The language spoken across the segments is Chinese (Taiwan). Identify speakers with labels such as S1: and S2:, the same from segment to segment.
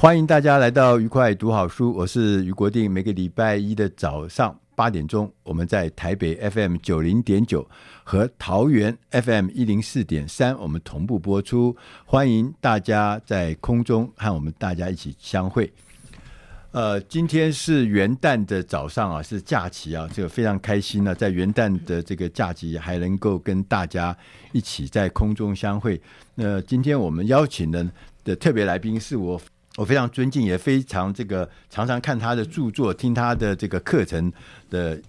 S1: 歡迎大家來到愉快讀好書，我是於國定。每個禮拜一的早上八點鐘，我們在台北 FM 九零點九和桃園 FM 一零四點三，我們同步播出。歡迎大家在空中和我們大家一起相會。呃，今天是元旦的早上啊，是假期啊，這個非常開心呢、啊。在元旦的這個假期，還能夠跟大家一起在空中相會。那、呃、今天我們邀請的的特別來賓是我，我非常尊敬，也非常這個常常看他的著作，聽他的這個課程的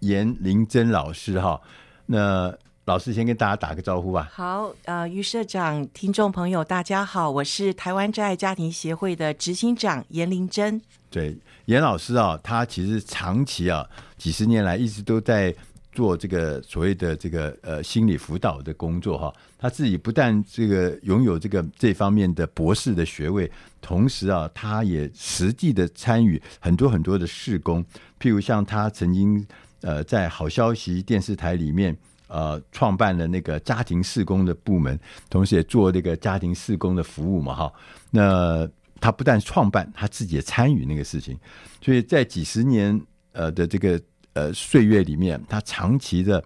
S1: 延玲珍老師哈。那老師先跟大家打個招呼吧。
S2: 好，呃，於社長，聽眾朋友，大家好，我是台灣真愛家庭協會的執行長延玲珍。
S1: 對，延老師啊、哦，他其實長期啊，幾十年來一直都在做這個所謂的這個呃心理輔導的工作哈。他自己不但這個擁有這個這方面的博士的學位。同時啊，他也實際的參與很多很多的事工，譬如像他曾經呃在好消息電視台裡面呃創辦了那個家庭事工的部門，同時也做這個家庭事工的服務嘛哈。那他不但創辦，他自己也參與那個事情，所以在幾十年呃的這個呃歲月裡面，他長期的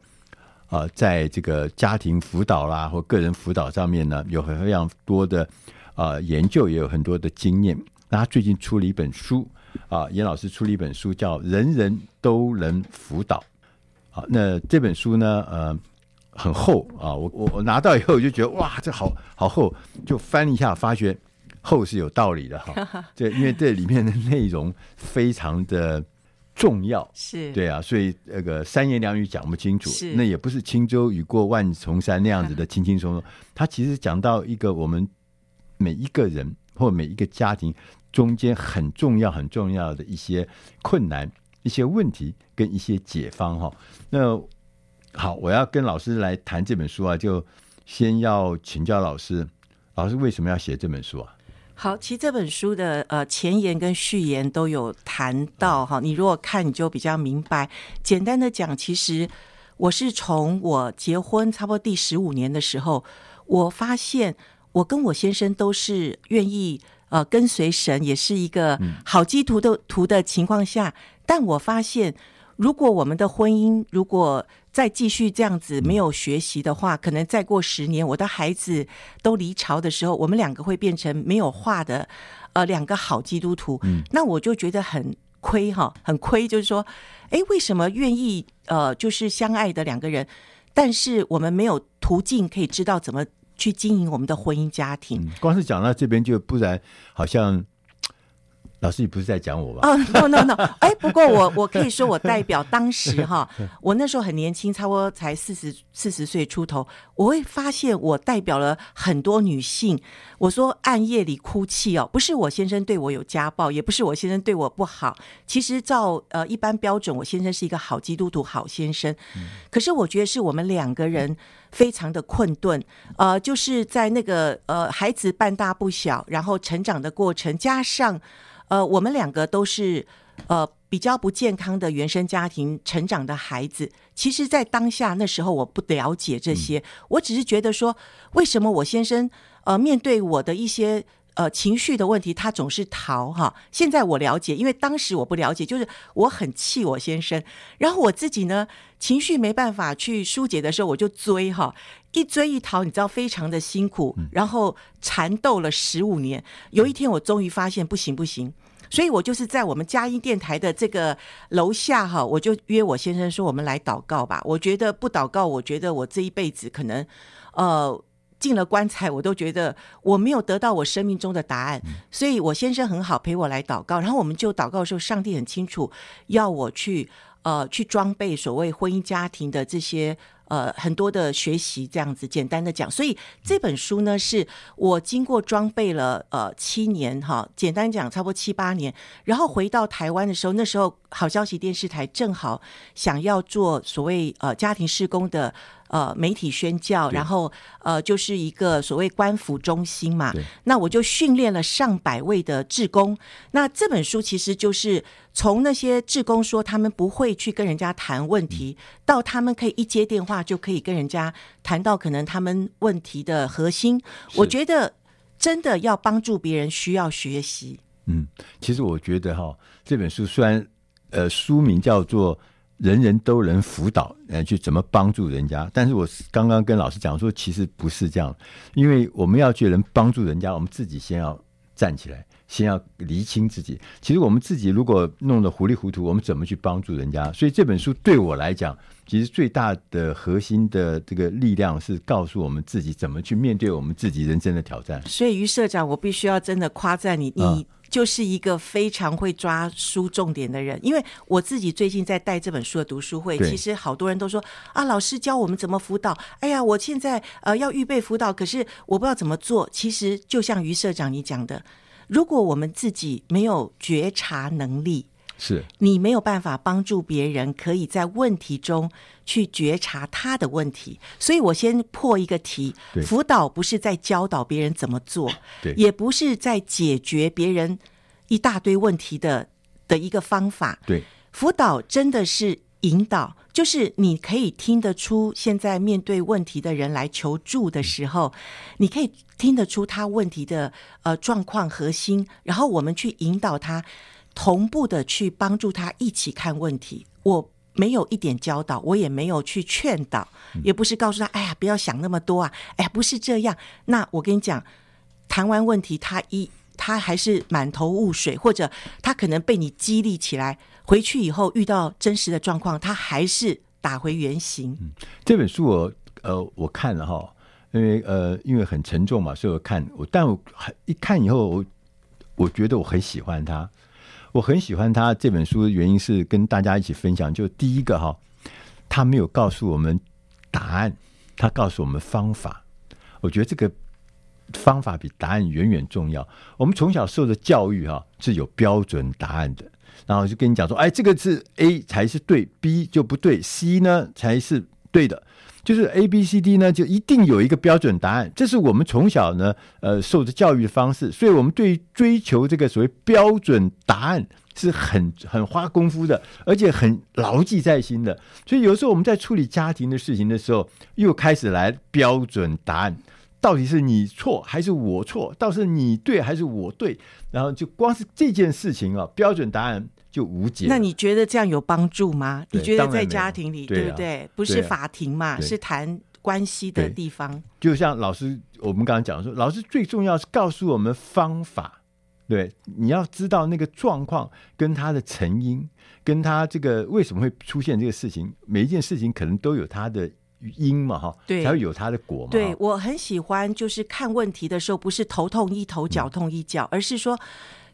S1: 呃，在這個家庭輔導啦或個人輔導上面呢，有很非常多的。啊、呃，研究也有很多的經驗。那他最近出了一本書啊，延、呃、老師出了一本書，叫《人人都能輔導》。好、啊，那這本書呢，呃，很厚啊。我我我拿到以後，我就覺得哇，這好好厚。就翻一下，發覺厚是有道理的哈。這 因為這裡面的內容非常的重要，是 對啊。所以那個三言兩語講不清楚，是那也不是輕舟已過萬重山那樣子的輕輕鬆鬆。 他其實講到一個我們。每一個人或每一個家庭中間很重要、很重要的一些困難、一些問題跟一些解方哈。那好，我要跟老師來談這本書啊，就先要請教老師，老師為什麼要寫這本書啊？
S2: 好，其實這本書的呃前言跟序言都有談到哈，你如果看你就比較明白。簡單的講，其實我是從我結婚差不多第十五年的時候，我發現。我跟我先生都是願意呃跟隨神，也是一個好基督徒的圖的情況下，但我發現，如果我們的婚姻如果再繼續這樣子沒有學習的話，可能再過十年，我的孩子都離巢的時候，我們兩個會變成沒有話的呃兩個好基督徒，嗯、那我就覺得很虧哈，很虧，就是說，欸、為什麼願意呃就是相愛的兩個人，但是我們沒有途徑可以知道怎麼。去經營我們的婚姻家
S1: 庭。嗯，光是講到這邊，就不然，好像。老師，你不是在講我吧？哦、
S2: oh，no no no！哎、欸，不過我我可以說，我代表當時哈，我那時候很年輕，差不多才四十四十歲出頭，我會發現我代表了很多女性。我說暗夜裡哭泣哦，不是我先生對我有家暴，也不是我先生對我不好。其實照呃一般標準，我先生是一個好基督徒，好先生。可是我覺得是我們兩個人非常的困頓，呃，就是在那個呃孩子半大不小，然後成長的過程，加上。呃，我們兩個都是呃比較不健康的原生家庭成長的孩子。其實，在當下那時候，我不了解這些，嗯、我只是覺得說，為什麼我先生呃面對我的一些呃情緒的問題，他總是逃哈、啊。現在我了解，因為當時我不了解，就是我很氣我先生，然後我自己呢情緒沒辦法去疏解的時候，我就追哈。啊一追一逃，你知道非常的辛苦，嗯、然後纏鬥了十五年。有一天，我終於發現不行不行，所以我就是在我們佳音電台的這個樓下哈、啊，我就約我先生說，我們來禱告吧。我覺得不禱告，我覺得我這一輩子可能呃進了棺材，我都覺得我沒有得到我生命中的答案。所以我先生很好，陪我來禱告。然後我們就禱告的時候，上帝很清楚要我去呃去裝備所謂婚姻家庭的這些。呃，很多的學習這樣子，簡單的講，所以這本書呢，是我經過裝備了呃七年哈、哦，簡單講，差不多七八年，然後回到台灣的時候，那時候好消息電視台正好想要做所謂呃家庭事工的。呃，媒體宣教，對然後呃，就是一個所謂關輔中心嘛。對那我就訓練了上百位的志工。那這本書其實就是從那些志工說他們不會去跟人家談問題，嗯、到他們可以一接電話就可以跟人家談到可能他們問題的核心。是我覺得真的要幫助別人，需要學習。嗯，
S1: 其實我覺得哈，這本書雖然呃，書名叫做。人人都能輔導，呃，去怎麼幫助人家？但是，我剛剛跟老師講說，其實不是這樣，因為我們要去能幫助人家，我們自己先要站起來，先要釐清自己。其實，我們自己如果弄得糊裡糊塗，我們怎麼去幫助人家？所以，這本書對我來講，其實最大的核心的這個力量是告訴我們自己怎麼去面對我們自己人生的挑戰。
S2: 所以，於社長，我必須要真的誇讚你，你、嗯。就是一個非常會抓書重點的人，因為我自己最近在帶這本書的讀書會，對其實好多人都說啊，老師教我們怎麼輔導，哎呀，我現在呃要預備輔導，可是我不知道怎麼做。其實就像於社長你講的，如果我們自己沒有覺察能力。是你沒有辦法幫助別人，可以在問題中去覺察他的問題，所以我先破一個題。對輔導不是在教導別人怎麼做，對也不是在解決別人一大堆問題的的一個方法。對，輔導真的是引導，就是你可以聽得出現在面對問題的人來求助的時候，嗯，你可以聽得出他問題的呃狀況核心，然後我們去引導他。同步的去幫助他一起看問題，我沒有一點教導，我也沒有去勸導，也不是告訴他：“哎呀，不要想那麼多啊！”哎呀，不是這樣。那我跟你講，談完問題，他一他還是滿頭霧水，或者他可能被你激
S1: 勵起來，回去以後遇到真實的狀況，他還是打回原形。嗯，這本書我呃我看了哈，因為呃因為很沉重嘛，所以我看我，但我一看以後，我我覺得我很喜歡它。我很喜歡他這本書的原因是跟大家一起分享，就第一個哈，他沒有告訴我們答案，他告訴我們方法。我覺得這個方法比答案遠遠重要。我們從小受的教育哈是有標準答案的，然後就跟你講說，哎，這個字 A 才是對，B 就不對，C 呢才是對的。就是 A B C D 呢，就一定有一個標準答案，這是我們從小呢，呃，受的教育的方式，所以，我們對於追求這個所謂標準答案是很很花功夫的，而且很牢記在心的。所以，有時候我們在處理家庭的事情的時候，又開始來標準答案，到底是你錯還是我錯，到底是你對還是我對，然後就光是這件事情啊，標準答案。就無解。那你
S2: 覺得這樣有幫助嗎？對你覺得在家庭裡，對，啊、對不對？不是法庭嘛，啊、是談關係的地方。
S1: 就像老師，我們剛剛講的，說，老師最重要是告訴我們方法。對，你要知道那個狀況跟他的成因，跟他這個為什麼會出現這個事情，每一件事情可能都有他的因嘛，哈對，才會有他的果嘛。對
S2: 我很喜歡，就是看問題的時候，不是頭痛一頭，嗯、腳痛一腳，而是說。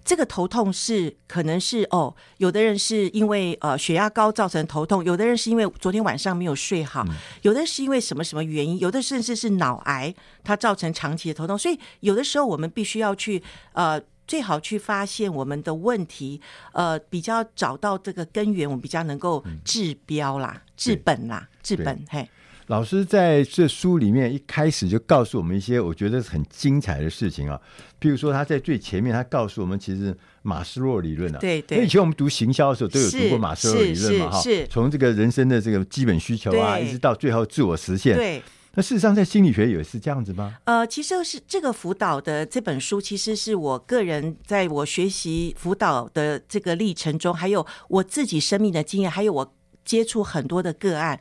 S2: 這個頭痛是可能是哦，有的人是因為呃血壓高造成頭痛，有的人是因為昨天晚上沒有睡好，嗯、有的是因為什麼什麼原因，有的甚至是腦癌它，造成長期的頭痛，所以有的時候我們必須要去呃最好去發現我們的問題，呃比較找到這個根源，我們比較能夠治標啦、嗯、治本啦、治本對嘿。
S1: 老師在這書裡面一開始就告訴我們一些我覺得很精彩的事情啊，譬如說他在最前面他告訴我們，其實馬斯洛理論啊，對，對對，因為以前我們讀行銷的時候都有讀過馬斯洛理論嘛哈，是從這個人生的這個基本需求啊，對一直到最後自我實現，對，那事實上在心理學也，也是這樣子嗎？
S2: 呃，其實是這個輔導的這本書，其實是我個人在我學習輔導的這個歷程中，還有我自己生命的經驗，還有我接觸很多的個案。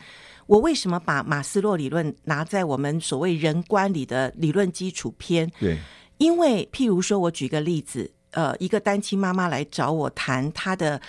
S2: 我為什麼把馬斯洛理論拿在我們所謂人觀裡的理論基礎篇？對，因為譬如說，我舉個例子，呃，一個單親媽媽來找我談她的。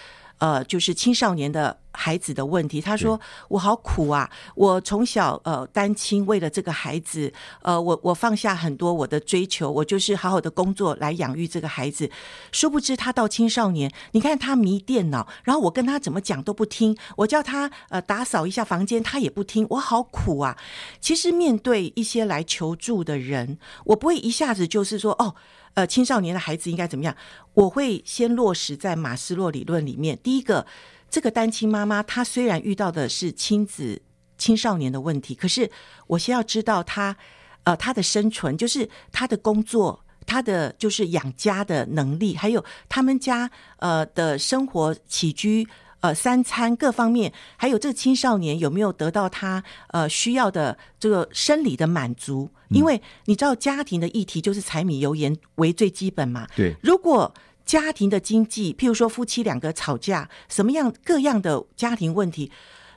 S2: 呃，就是青少年的孩子的問題。他說：“我好苦啊！我從小呃單親，為了這個孩子，呃，我我放下很多我的追求，我就是好好的工作來養育這個孩子。殊不知他到青少年，你看他迷電腦，然後我跟他怎麼講都不聽，我叫他呃打掃一下房間，他也不聽。我好苦啊！”其實面對一些來求助的人，我不會一下子就是說哦。呃，青少年的孩子應該怎麼樣？我會先落實在馬斯洛理論裡面。第一個，這個單親媽媽她雖然遇到的是親子青少年的問題，可是我先要知道她，呃，她的生存，就是她的工作，她的就是養家的能力，還有他們家，呃，的生活起居。呃，三餐各方面，還有這青少年有沒有得到他呃需要的這個生理的滿足？因為你知道家庭的議題就是柴米油鹽為最基本嘛。對，如果家庭的經濟，譬如說夫妻兩個吵架，什麼樣各樣的家庭問題，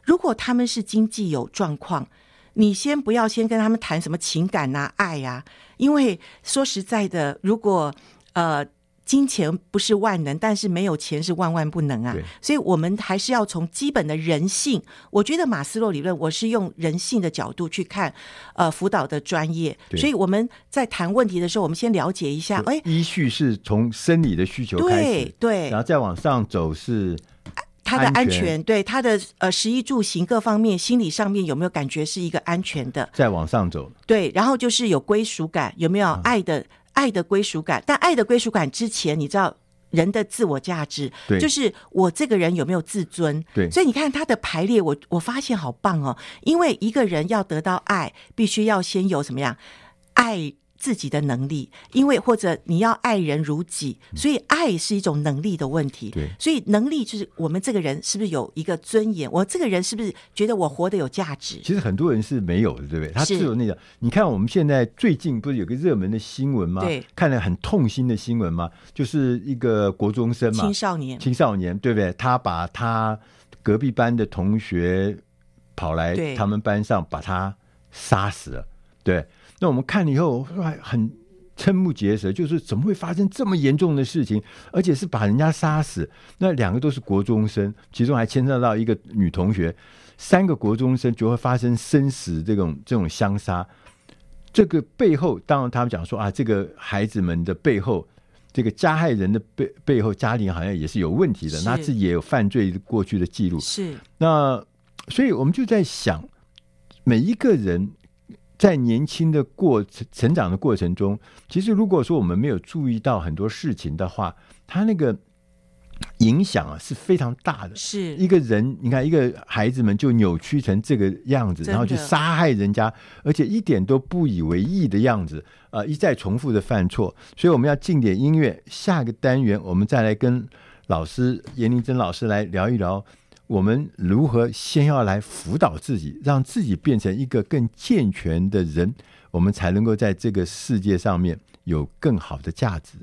S2: 如果他們是經濟有狀況，你先不要先跟他們談什麼情感啊、愛呀、啊，因為說實在的，如果呃。金錢不是萬能，但是沒有錢是萬萬不能啊！對所以，我們還是要從基本的人性。我覺得馬斯洛理論，我是用人性的角度去看，呃，輔導的專業。對所以我們在談問題的時候，我們先了
S1: 解一下。對哎，依序是從生理的需求開始，對對，對，然後再往上走是他的安全，
S2: 對他的呃食衣住行各方面，心理上面有沒有感覺是一個安全的？
S1: 再往上走，
S2: 對，然後就是有歸屬感，有沒有愛的、啊？愛的歸屬感，但愛的歸屬感之前，你知道人的自我價值，對就是我這個人有沒有自尊？對所以你看他的排列我，我我發現好棒哦，因為一個人要得到愛，必須要先有什麼樣愛。自己的能力，因為或者你要愛人如己，所以愛是一種能力的問題。嗯、對，所以能力就是我們這個人是不是有一個尊嚴？我這個人是不是覺得我活得有價值？其實很多
S1: 人是沒有的，對不對？是他只有那個。你看我們現在最近不是有個熱門的新聞嗎？對看了很痛心的新聞嘛，就是一個國中生嘛，青少年，青少年，對不對？他把他隔壁班的同學跑來他們班上對把他殺死了，對。那我們看了以後，很瞠目結舌，就是怎麼會發生這麼嚴重的事情？而且是把人家殺死。那兩個都是國中生，其中還牽涉到一個女同學，三個國中生就會發生生死這種這種相殺。這個背後，當然他們講說啊，這個孩子們的背後，這個加害人的背背後，家庭好像也是有問題的，是那自己也有犯罪過去的記錄。是那，所以我們就在想，每一個人。在年輕的過成成長的過程中，其實如果說我們沒有注意到很多事情的話，他那個影響啊是非常大的。是，一個人，你看一個孩子們就扭曲成這個樣子，的然後去殺害人家，而且一點都不以為意的樣子，呃，一再重複的犯錯。所以我們要進點音樂，下個單元我們再來跟老師延玲珍老師來聊一聊。我們如何先要來輔導自己，讓自己變成一個更健全的人，我們才能夠在這個世界上面有更好的價值。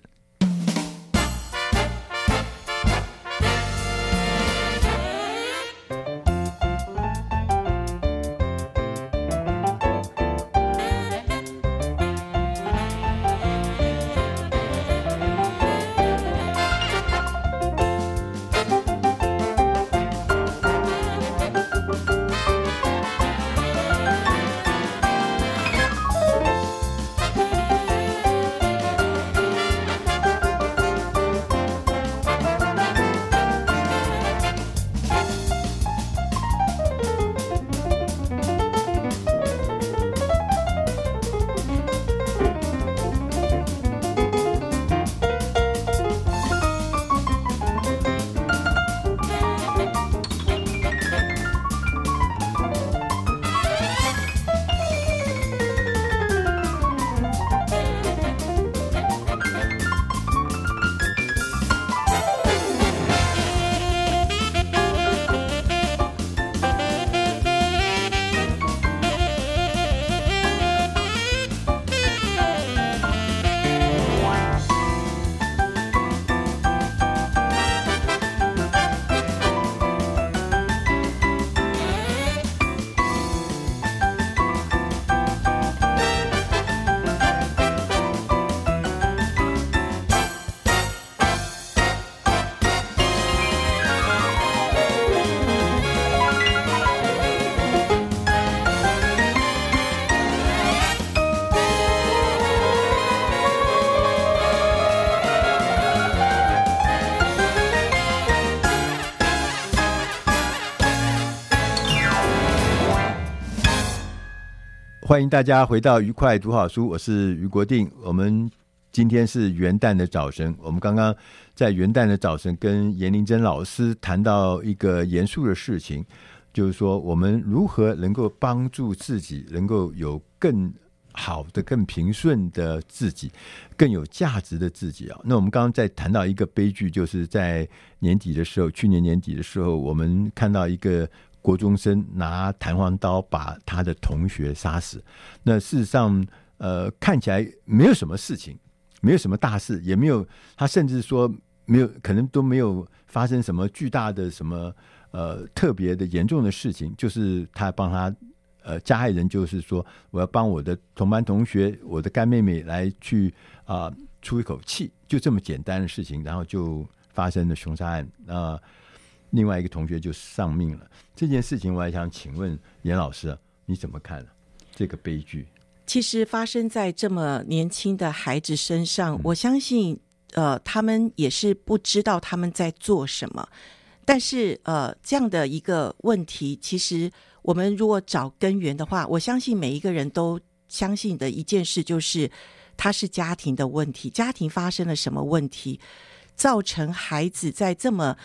S1: 歡迎大家回到《愉快讀好書》，我是於國定。我們今天是元旦的早晨，我們剛剛在元旦的早晨跟延玲珍老師談到一個嚴肅的事情，就是說我們如何能夠幫助自己，能夠有更好的、更平順的自己，更有價值的自己啊。那我們剛剛在談到一個悲劇，就是在年底的時候，去年年底的時候，我們看到一個。國中生拿彈簧刀把他的同學殺死，那事實上，呃，看起來沒有什麼事情，沒有什麼大事，也沒有他甚至說沒有，可能都沒有發生什麼巨大的什麼呃特別的嚴重的事情，就是他幫他呃加害人，就是說我要幫我的同班同學，我的乾妹妹來去啊、呃、出一口氣，就這麼簡單的事情，然後就發生了兇殺案，啊、呃。另外一個同學就喪命了。這件事情，我還想請問延老師，你怎麼看啊？這個悲劇
S2: 其實發生在這麼年輕的孩子身上，我相信，呃，他們也是不知道他們在做什麼。但是，呃，這樣的一個問題，其實我們如果找根源的話，我相信每一個人都相信的一件事就是，他是家庭的問題。家庭發生了什麼問題，造成孩子在這麼。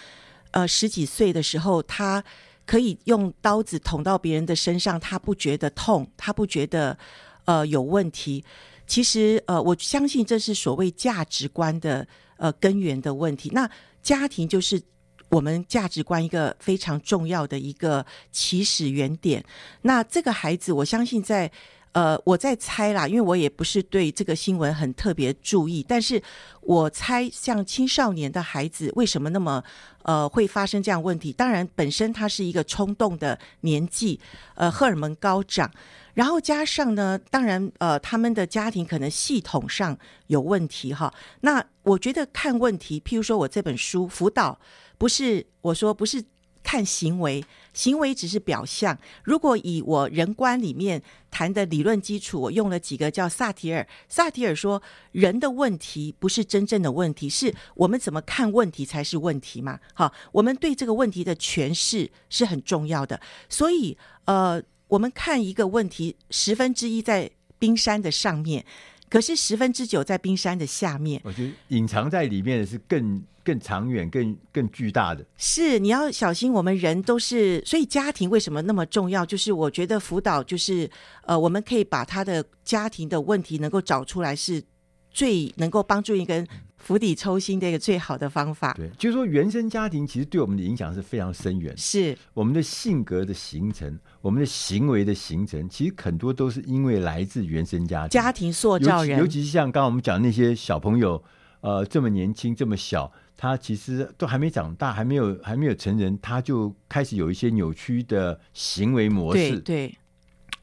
S2: 呃，十幾歲的時候，他可以用刀子捅到別人的身上，他不覺得痛，他不覺得呃有問題。其實，呃，我相信這是所謂價值觀的呃根源的問題。那家庭就是我們價值觀一個非常重要的一個起始原點。那這個孩子，我相信在。呃，我在猜啦，因為我也不是對這個新聞很特別注意，但是我猜，像青少年的孩子為什麼那麼呃會發生這樣問題？當然，本身他是一個衝動的年紀，呃，荷爾蒙高漲，然後加上呢，當然呃，他們的家庭可能系統上有問題哈。那我覺得看問題，譬如說我這本書輔導，不是，我說不是。看行為，行為只是表象。如果以我人觀裡面談的理論基礎，我用了幾個叫薩提爾。薩提爾說，人的問題不是真正的問題，是我們怎麼看問題才是問題嘛？好，我們對這個問題的詮釋是很重要的。所以，呃，我們看一個問題，十分之一在冰山的上面。可是十分之九在冰山的
S1: 下面，我覺得隱藏在裡面的是更更長遠、更更巨大的，
S2: 是你要小心，我們人都是，所以家庭為什麼那麼重要？就是我覺得輔導就是，呃，我們可以把他的家庭的問題能夠找出來，是最能夠幫助一個人。 釜底抽薪的一個最好的方法。對，
S1: 就是說原生家庭其實對我們的影響是非常深遠的。是我們的性格的形成，我們的行為的形成，其實很多都是因為來自原生家庭。家庭塑造人尤、尤其是像剛剛我們講那些小朋友，呃，這麼年輕這麼小，他其實都還沒長大，還沒有還沒有成人，他就開始有一些扭曲的行為模式。對，對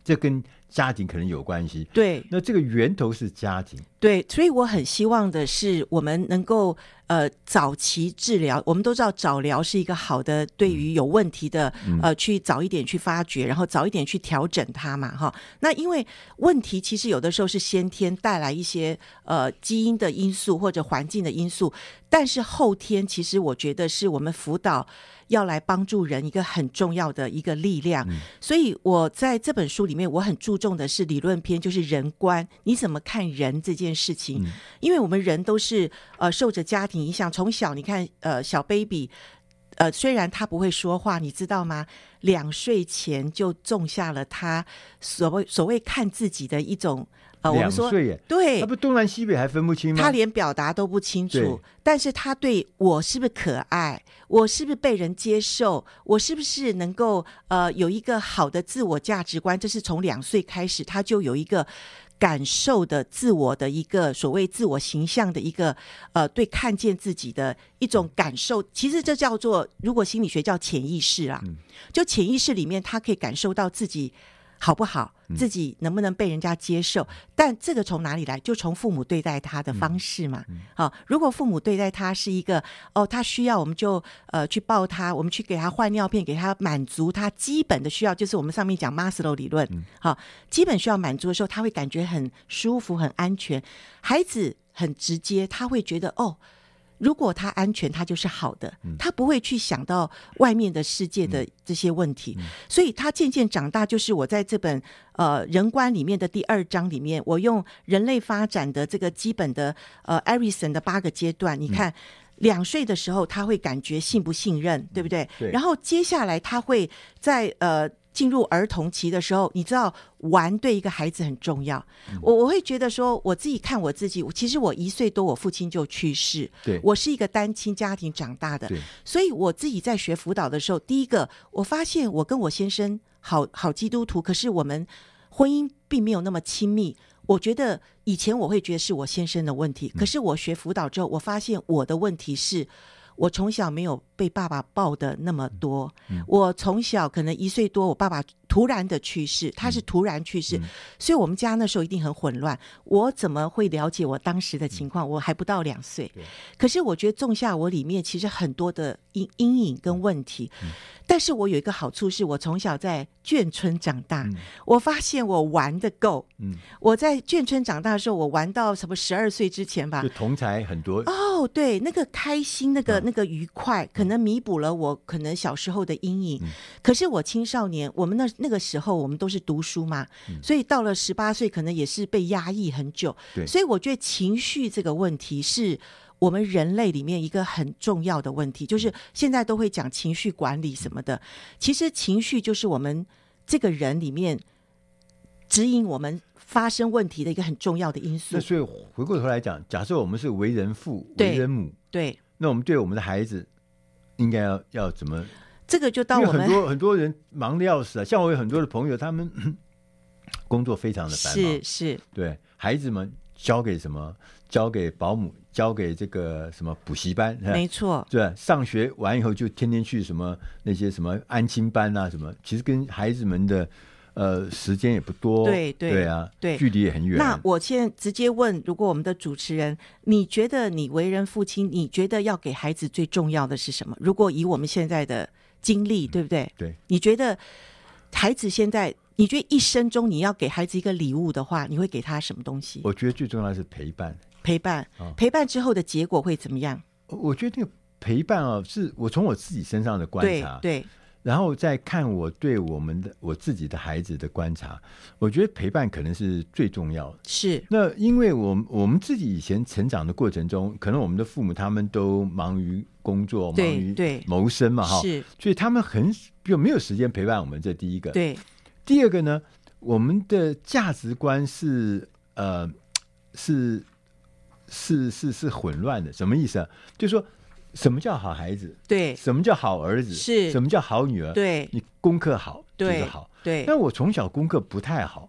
S1: 這跟。家庭可能有關係，對。那這個源頭是家庭，對。所以我很希
S2: 望的是我們能夠。呃，早期治療，我們都知道早療是一個好的，對於有問題的，嗯、呃，去早一點去發掘，然後早一點去調整它嘛，哈。那因為問題其實有的時候是先天帶來一些呃基因的因素或者環境的因素，但是後天其實我覺得是我們輔導要來幫助人一個很重要的一個力量。嗯、所以我在這本書裡面，我很注重的是理論篇，就是人觀，你怎麼看人這件事情，嗯、因為我們人都是呃受着家庭。你想從小，你看，呃，小 baby，呃，雖然他不會說話，你知道嗎？兩歲前就種下了他所謂所謂看自己的一種呃。兩歲我們說對，他不東南西北還分不清嗎？他連表達都不清楚，對但是他對我是不是可愛？我是不是被人接受？我是不是能夠呃有一個好的自我價值觀？這是從兩歲開始，他就有一個。感受的自我的一個所謂自我形象的一個呃，對，看見自己的一種感受，其實這叫做，如果心理學叫潛意識啊，就潛意識裡面，他可以感受到自己。好不好？自己能不能被人家接受？嗯、但這個從哪裡來？就從父母對待他的方式嘛。好、嗯嗯哦，如果父母對待他是一個哦，他需要我們就呃去抱他，我們去給他換尿片，給他滿足他基本的需要，就是我們上面講馬斯洛理論。好、嗯哦，基本需要滿足的時候，他會感覺很舒服、很安全。孩子很直接，他會覺得哦。如果他安全，他就是好的，他不會去想到外面的世界的這些問題，嗯嗯、所以他漸漸長大。就是我在這本呃《人觀》裡面的第二章裡面，我用人類發展的這個基本的呃艾瑞森的八個階段，你看、嗯、兩歲的時候他會感覺信不信任，對不對？嗯、對，然後接下來他會在呃。進入兒童期的時候，你知道玩對一個孩子很重要。嗯、我我會覺得說，我自己看我自己，其實我一歲多，我父親就去世，對我是一個單親家庭長大的，對所以我自己在學輔導的時候，第一個我發現我跟我先生好好基督徒，可是我們婚姻並沒有那麼親密。我覺得以前我會覺得是我先生的問題，嗯、可是我學輔導之後，我發現我的問題是，我從小沒有。被爸爸抱的那麼多，嗯嗯、我從小可能一歲多，我爸爸突然的去世，他是突然去世，嗯嗯、所以我們家那時候一定很混亂。我怎麼會了解我當時的情況？嗯嗯嗯、我還不到兩歲，對可是我覺得種下我裡面其實很多的陰陰影跟問題。嗯、但是我有一個好處是，是我從小在眷村長大，嗯、我發現我玩得夠。嗯、我在眷村長大的時候，我玩到什麼十二歲之前吧？就
S1: 同台很多哦，
S2: 對，那個開心，那個那個愉快。嗯可能彌補了我可能小時候的陰影，嗯、可是我青少年，我們那那個時候，我們都是讀書嘛，嗯、所以到了十八歲，可能也是被壓抑很久。對，所以我覺得情緒這個問題是我們人類裡面一個很重要的問題，嗯、就是現在都會講情緒管理什麼的。嗯、其實情緒就是我們這個人裡面指引我們發生問題的一個很重要的因素。那所
S1: 以回過頭來講，假設我們是為人父、對為人母，對，那我們對我們的孩子。應該要要怎麼？
S2: 這個就當我們很多
S1: 很多人忙得要死啊！像我有很多的朋友，嗯、他們工作非常的繁忙，是是，對孩子們交給什麼？交給保姆，交給這個什麼補習班？沒錯，對，上學完以後就天天去什麼那些什麼安親班啊什麼？其實跟孩子們的。呃，時間也不多，對對對、啊、對、對，距離也很遠。那
S2: 我先直接問，如果我們的主持人，你覺得你為人父親，你覺得要給孩子最重要的是什麼？如果以我們現在的經歷，對不對？嗯、對，你覺得孩子現在，你覺得一生中你要給孩子一個禮物的話，你會給他什麼東西？我覺
S1: 得最重要的是陪伴，陪伴，哦、陪伴之後的結果會怎麼樣？我覺得那個陪伴啊、哦，是我從我自己身上的觀察，對、對。然後再看我對我們的我自己的孩子的觀察，我覺得陪伴可能是最重要的，是那因為我們我們自己以前成長的過程中，可能我們的父母他們都忙於工作，對忙於對謀生嘛哈，所以他們很有沒有時間陪伴我們。這第一個，對第二個呢，我們的價值觀是呃是是是是混亂的。什麼意思啊？就說。什麼叫好孩子？對，什麼叫好兒子？是，什麼叫好女兒？對，你功課好對就好。對，那我從小功課不太好，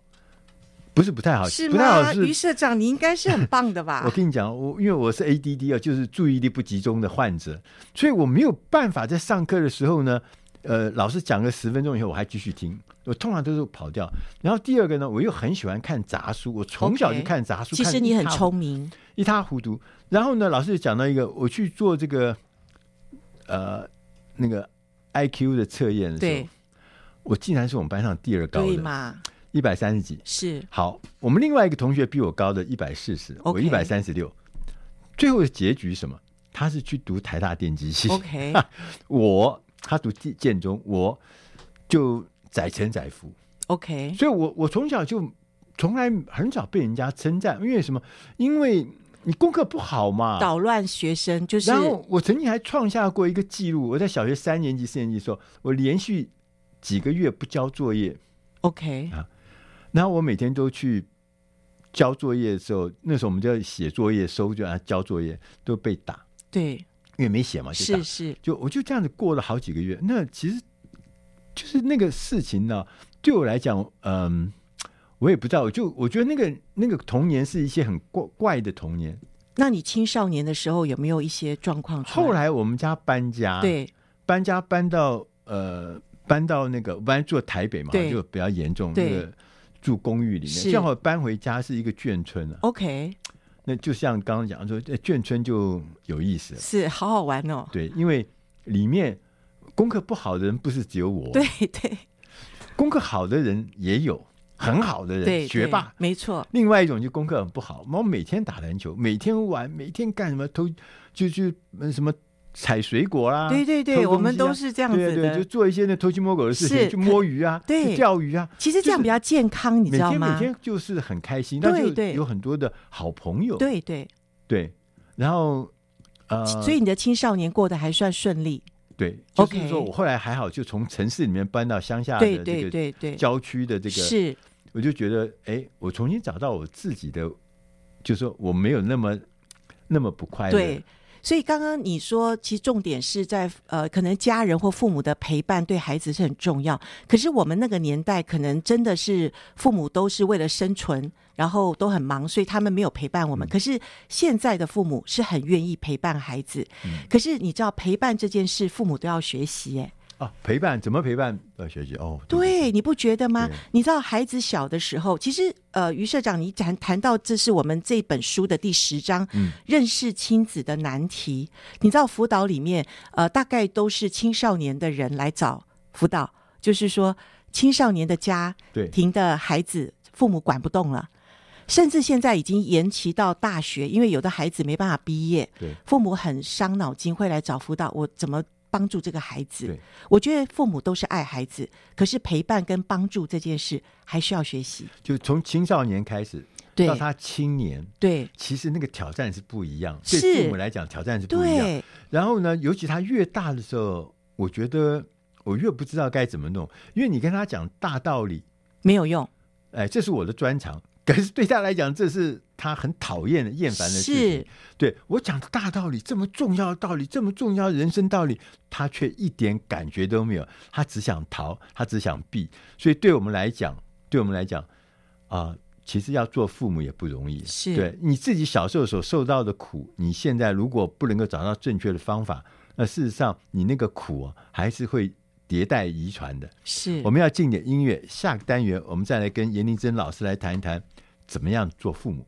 S1: 不是不太好，是嗎不太好是。於
S2: 社長，你應該是很棒的吧？ 我
S1: 跟你講，我因為我是 ADD 啊，就是注意力不集中的患者，所以我沒有辦法在上課的時候呢。呃，老師講個十分鐘以後，我還繼續聽。我通常都是跑掉。然後第二個呢，我又很喜歡看雜書。我從小就看雜書。Okay, 看其實你很聰明，一塌糊塗。然後呢，老師講到一個，我去做這個呃那個 I Q 的測驗的時候，對我竟然是我們班上第二高的，一百三十幾。是好，我們另外一個同學比我高的一百四十，我一百三十六。最後的結局什麼？他是去讀台大電機系。OK， 我。他讀建中，我就載沉載浮。OK，所以我，我我從小就從來很少被人家稱讚，因為什麼？因為你功課不好嘛，搗
S2: 亂學生就是。然後
S1: 我曾經還創下過一個記錄，我在小學三年級、四年級的時候，我連續幾個月不交作業。OK 啊，然後我每天都去交作業的時候，那時候我們就要寫作業、收卷、交作業都被打。對。因為沒寫嘛，就是是，就我就這樣子過了好幾個月。那其實就是那個事情呢、啊，對我來講，嗯、呃，我也不知道。我就我覺得那個那個童年是一些很怪怪的童年。那你青少年的時候有沒有一些狀況？後來我們家搬家，對，搬家搬到呃，搬到那個搬住台北嘛，對就比較嚴重，那個住公寓裡面，正好對搬回家是一個眷村了、啊。OK。那就像剛剛講說，眷村就有意思，是好好玩哦。對，因為裡面功課不好的人不是只有我，對對，功課好的人也有很好的人，學霸對對沒錯。另外一種就功課很不好，我每天打籃球，每天玩，每天幹什麼都，就就什麼。採水果啦，對對對，我們都是這樣子的，就做一些那偷雞摸狗的事情，去摸魚啊，對，釣魚啊，其實這樣
S2: 比較健康，你知道嗎？每天每天
S1: 就是很開心，那就有很多的好朋友，對對對，然後呃，所以你
S2: 的青少年過得還算順利，
S1: 對，就是說我後來還好，就從城市裡面搬到鄉下的這個郊區的這個，是，我就覺得哎，我重新找到我自己的，就是說我沒有那麼那麼不快樂。
S2: 所以剛剛你說，其實重點是在呃，可能家人或父母的陪伴對孩子是很重要。可是我們那個年代，可能真的是父母都是為了生存，然後都很忙，所以他們沒有陪伴我們。嗯、可是現在的父母是很願意陪伴孩子，嗯、可是你知道陪伴這件事，父母都要學習、欸
S1: 啊，陪伴怎麼陪伴呃，學習哦？對、
S2: 對，你不覺得嗎？對你知道孩子小的時候，其實呃，於社長，你談談到這是我們這本書的第十章，嗯，認識親子的難題。你知道輔導裡面呃，大概都是青少年的人來找輔導，就是說青少年的家庭對的孩子，父母管不動了，甚至現在已經延期到大學，因為有的孩子沒辦法畢業，對，父母很傷腦筋，會來找輔導，我怎麼？幫助這個孩子，
S1: 對我覺得父母都是愛孩子，可是陪伴跟幫助這件事還需要學習。就從青少年開始，對到他青年，對，其實那個挑戰是不一樣。是對父母來講，挑戰是不一樣。對然後呢，尤其他越大的時候，我覺得我越不知道該怎麼弄，因為你跟他講大道理沒有用。哎，這是我的專長，可是對他來講，這是。他很討厭的厭煩的事情是，對我講的大道理，這麼重要的道理，這麼重要的人生道理，他卻一點感覺都沒有，他只想逃，他只想避。所以對我們來講，對我們來講，啊、呃，其實要做父母也不容易。是，對你自己小時候所受到的苦，你現在如果不能夠找到正確的方法，那事實上你那個苦、啊、還是會迭代遺傳的。是，我們要進點音樂，下個單元我們再來跟延玲珍老師來談一談，怎麼樣做父母。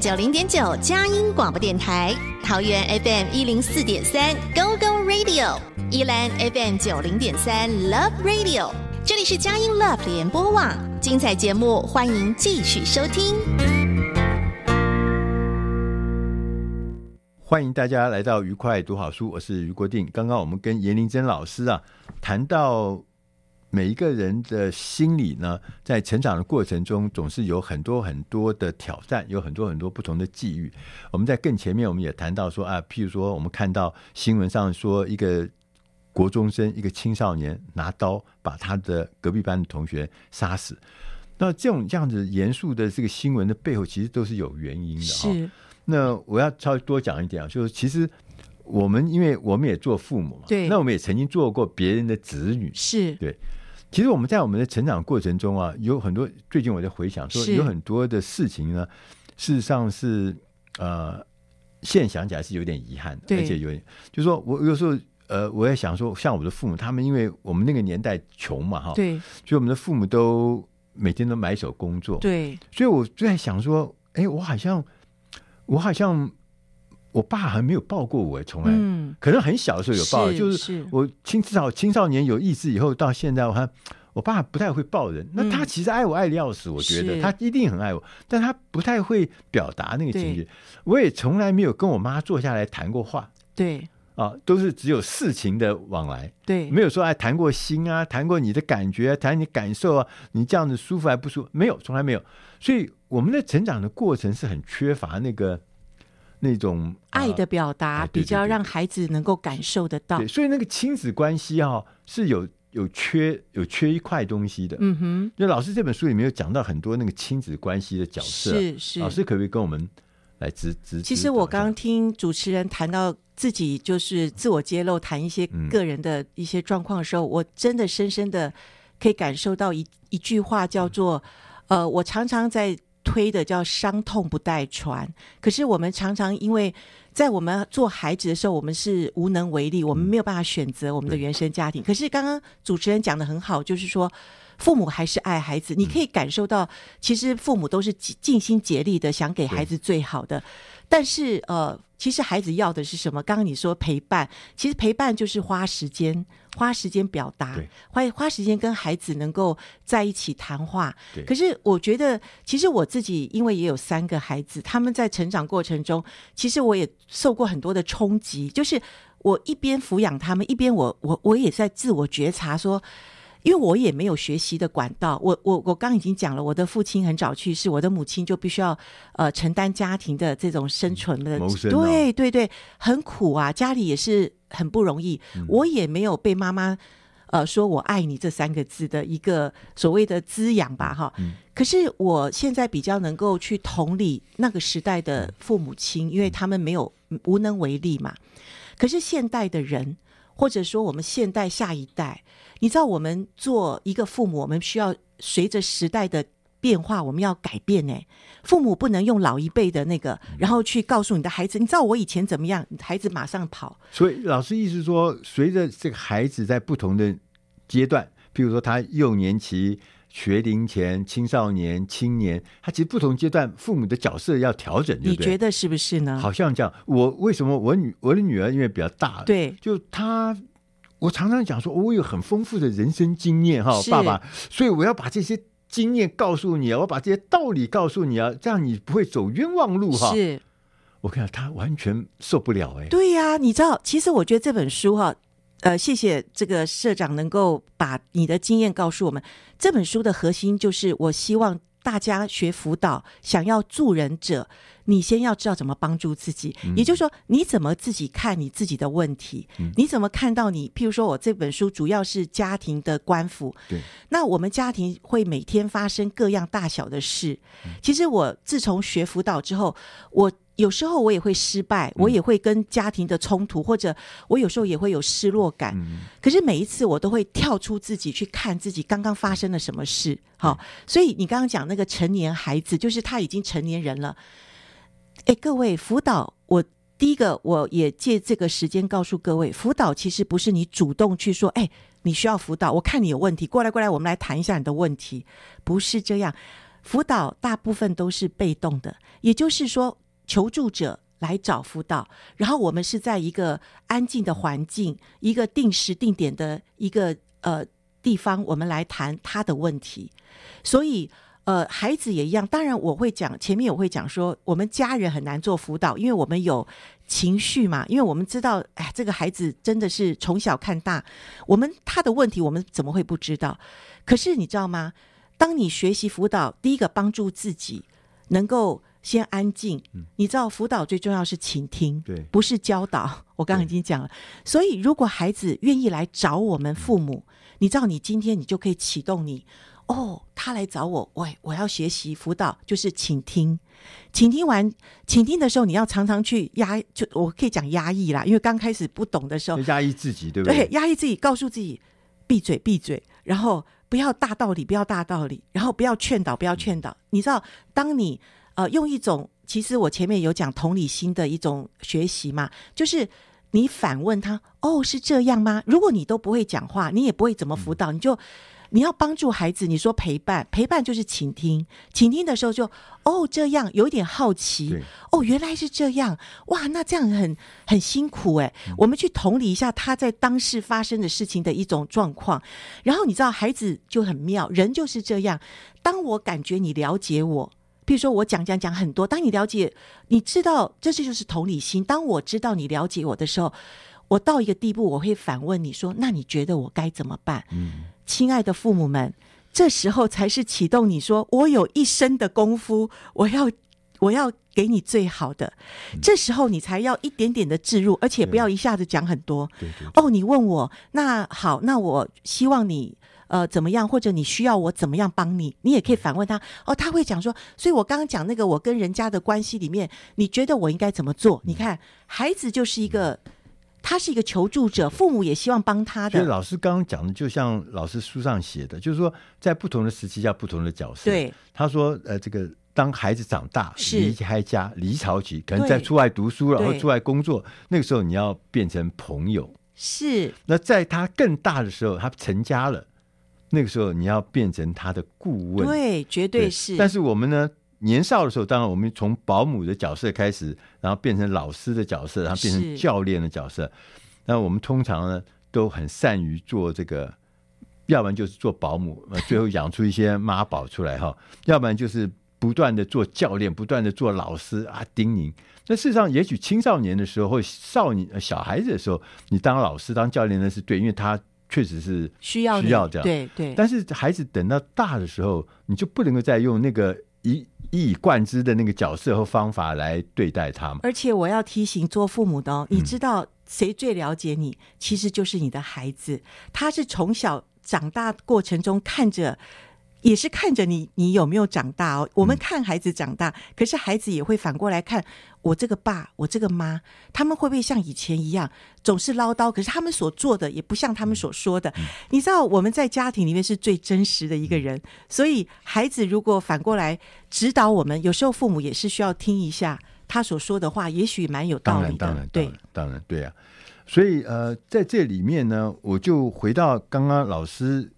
S2: 九零點九佳音廣播電台，桃園 FM 一零四點三 GoGo Radio，宜蘭 FM 九零點三 Love Radio，這裡是佳音 Love 聯播網，精彩節目歡迎繼續收聽。
S1: 歡迎大家來到愉快讀好書，我是於國定。剛剛我們跟延玲珍老師啊談到。每一個人的心理呢，在成長的過程中，總是有很多很多的挑戰，有很多很多不同的際遇。我們在更前面，我們也談到說啊，譬如說，我們看到新聞上說，一個國中生，一個青少年拿刀把他的隔壁班的同學殺死，那這種這樣子嚴肅的這個新聞的背後，其實都是有原因的哈、哦。是。那我要稍微多講一點，就是其實我們因為我們也做父母嘛，對，那我們也曾經做過別人的子女，是對。其實我們在我們的成長過程中啊，有很多。最近我在回想說，有很多的事情呢，是事實上是呃，現想起來是有點遺憾，對而且有點，就是說我有時候呃，我也想說，像我的父母，他們因為我們那個年代窮嘛，哈，對，所以我們的父母都每天都埋首工作，對，所以我就在想說，哎，我好像，我好像。我爸還沒有抱過我，欸，從來，嗯、可能很小的時候有抱，是就是我青至少青少年有意識以後是到現在，我還我爸不太會抱人。嗯、那他其實愛我愛的要死，我覺得是他一定很愛我，但他不太會表達那個情緒。對我也從來沒有跟我媽坐下來談過話，對，啊，都是只有事情的往來，對，沒有說哎談過心啊，談過你的感覺，啊，談你感受啊，你這樣子舒服還不舒服？沒有，從來沒有。所以我們的成長的過程是很缺乏那個。那種愛
S2: 的表達，啊、比較讓孩子能夠
S1: 感受得到。對，所以那個親子關係哈、哦，是有有缺有缺一塊東西的。嗯哼，那老師這本書裡面有講到很多那個親子關係的角色。是是，是老師可不可以跟我們來指指？指指其實
S2: 我剛聽主持人談到自己就是自我揭露，談一些個人的一些狀況的時候，嗯、我真的深深的可以感受到一一句話叫做：呃，我常常在，推的叫傷痛不帶傳，可是我們常常因為在我們做孩子的時候，我們是無能為力，我們沒有辦法選擇我們的原生家庭。嗯、可是剛剛主持人講得很好，就是說父母還是愛孩子，嗯、你可以感受到，其實父母都是盡心竭力的想給孩子最好的。但是，呃，其實孩子要的是什麼？剛剛你說陪伴，其實陪伴就是花時間，花時間表達，對花花時間跟孩子能夠在一起談話。對可是我覺得，其實我自己因為也有三個孩子，他們在成長過程中，其實我也受過很多的衝擊。就是我一邊撫養他們，一邊我我我也在自我覺察說。因為我也沒有學習的管道，我我我剛已經講了，我的父親很早去世，我的母親就必須要呃承擔家庭的這種生存的、嗯、對對對，很苦啊，家裡也是很不容易，嗯、我也沒有被媽媽呃說我愛你這三個字的一個所謂的滋養吧，哈，嗯、可是我現在比較能夠去同理那個時代的父母親，因為他們沒有無能為力嘛，可是現代的人，或者說我們現代下一代。你知道，我們做一個父母，我們需要隨着時代的變化，我們要改變。哎，父母不能用老一輩的那個，然後去告訴你的孩子。你知道我以前怎麼樣，孩子馬上跑。
S1: 所以老師意思說，隨着這個孩子在不同的階段，譬如說他幼年期、學齡前、青少年、青年，他其實不同階段父母的角色要調整，你覺得是不是呢？好像這樣，我為什麼我女我的女兒因為比較大，對，就她。我常常講說，我有很豐富的人生經驗哈，爸爸，是，所以我要把這些經驗告訴你啊，我要把這些道理告訴你啊，這樣你不會走冤枉路哈。是，我看他完全受不了哎、欸。對
S2: 呀、啊，你知道，其實我覺得這本書哈，呃，謝謝這個社長能夠把你的經驗告訴我們。這本書的核心就是，我希望。大家學輔導，想要助人者，你先要知道怎麼幫助自己。也就是說，你怎麼自己看你自己的問題？嗯、你怎麼看到你？譬如說我這本書主要是家庭的官府，對。那我們家庭會每天發生各樣大小的事。其實我自從學輔導之後，我。有時候我也會失敗，我也會跟家庭的衝突，嗯、或者我有時候也會有失落感。嗯、可是每一次我都會跳出自己去看自己剛剛發生了什麼事。嗯、好，所以你剛剛講那個成年孩子，就是他已經成年人了。哎，各位輔導，我第一個我也借這個時間告訴各位，輔導其實不是你主動去說，哎，你需要輔導，我看你有問題，過來過來，我們來談一下你的問題，不是這樣。輔導大部分都是被動的，也就是說。求助者來找輔導，然後我們是在一個安靜的環境、一個定時定點的一個呃地方，我們來談他的問題。所以呃，孩子也一樣。當然，我會講前面我會講說，我們家人很難做輔導，因為我們有情緒嘛。因為我們知道，哎，這個孩子真的是從小看大，我們他的問題，我們怎麼會不知道？可是你知道嗎？當你學習輔導，第一個幫助自己能夠。先安靜，嗯、你知道輔導最重要是傾聽，對不是教導。我剛剛已經講了，對所以如果孩子願意來找我們父母，嗯、你知道，你今天你就可以啟動你哦，他來找我，喂，我要學習輔導，就是傾聽。傾聽完，傾聽的時候，你要常常去壓，就我可以講壓抑啦，因為剛開始不懂的時候，壓抑
S1: 自己，對不對？
S2: 壓抑自己，告訴自己閉嘴，閉嘴，閉嘴，然後不要大道理，不要大道理，然後不要勸導，不要勸導。嗯、你知道，當你。呃，用一種其實我前面有講同理心的一種學習嘛，就是你反問他，哦，是這樣嗎？如果你都不會講話，你也不會怎麼輔導，嗯、你就你要幫助孩子，你說陪伴，陪伴就是傾聽，傾聽的時候就哦，這樣有一點好奇，對哦，原來是這樣，哇，那這樣很很辛苦哎、欸，嗯、我們去同理一下他在當時發生的事情的一種狀況，然後你知道孩子就很妙，人就是這樣，當我感覺你了解我。比如說，我講講講很多。當你了解，你知道，這就是同理心。當我知道你了解我的時候，我到一個地步，我會反問你說：“那你覺得我該怎麼辦？”嗯，親愛的父母們，這時候才是啟動你說：“我有一身的功夫，我要我要給你最好的。嗯”這時候你才要一點點的置入，而且不要一下子講很多。對對對對哦，你問我那好，那我希望你。呃，怎麼樣？或者你需要我怎麼樣幫你？你也可以反問他哦。他會講說，所以我剛剛講那個，我跟人家的關係裡面，你覺得我應該怎麼做？你看，孩子就是一個，嗯、他是一個求
S1: 助者，的父母也希望
S2: 幫他的。
S1: 老師剛剛講的，就像老師書上寫的，就是說，在不同的時期要不同的角色。對，他說，呃，這個當孩子長大離開家離巢期，可能在出外讀書對然後出外工作，對那個時候你要變成朋友。是。那在他更大的時候，他成家了。那個時候你要變成他的顧問，對，絕對是，是。但是我們呢，年少的時候，當然我們從保姆的角色開始，然後變成老師的角色，然後變成教練的角色。那是我們通常呢，都很善於做這個，要不然就是做保姆，最後養出一些媽寶出來哈； 要不然就是不斷的做教練，不斷的做老師啊，叮嚀。那事實上，也許青少年的時候、或少女、小孩子的時候，你當老師、當教練的是對，因為他。確實是需要需要這樣，對對。但是孩子等到大的時候，你就不能夠再用那個一一以貫之的那個角色和方法來對待他們。
S2: 而且我要提醒做父母的哦，嗯、你知道誰最了解你？其實就是你的孩子，他是從小長大過程中看着。也是看着你，你有沒有長大哦？我們看孩子長大，嗯、可是孩子也會反過來看我這個爸，我這個媽，他們會不會像以前一樣總是嘮叨？可是他們所做的也不像他們所說的。嗯、你知道，我們在家庭裡面是最真實的一個人，嗯、所以孩子如果反過來指導我們，有時候父母也是需要聽一下他所說的話，也許蠻有道理的。對，當然，對，當
S1: 然，當然對啊。所以呃，在這裡面呢，我就回到剛剛老師。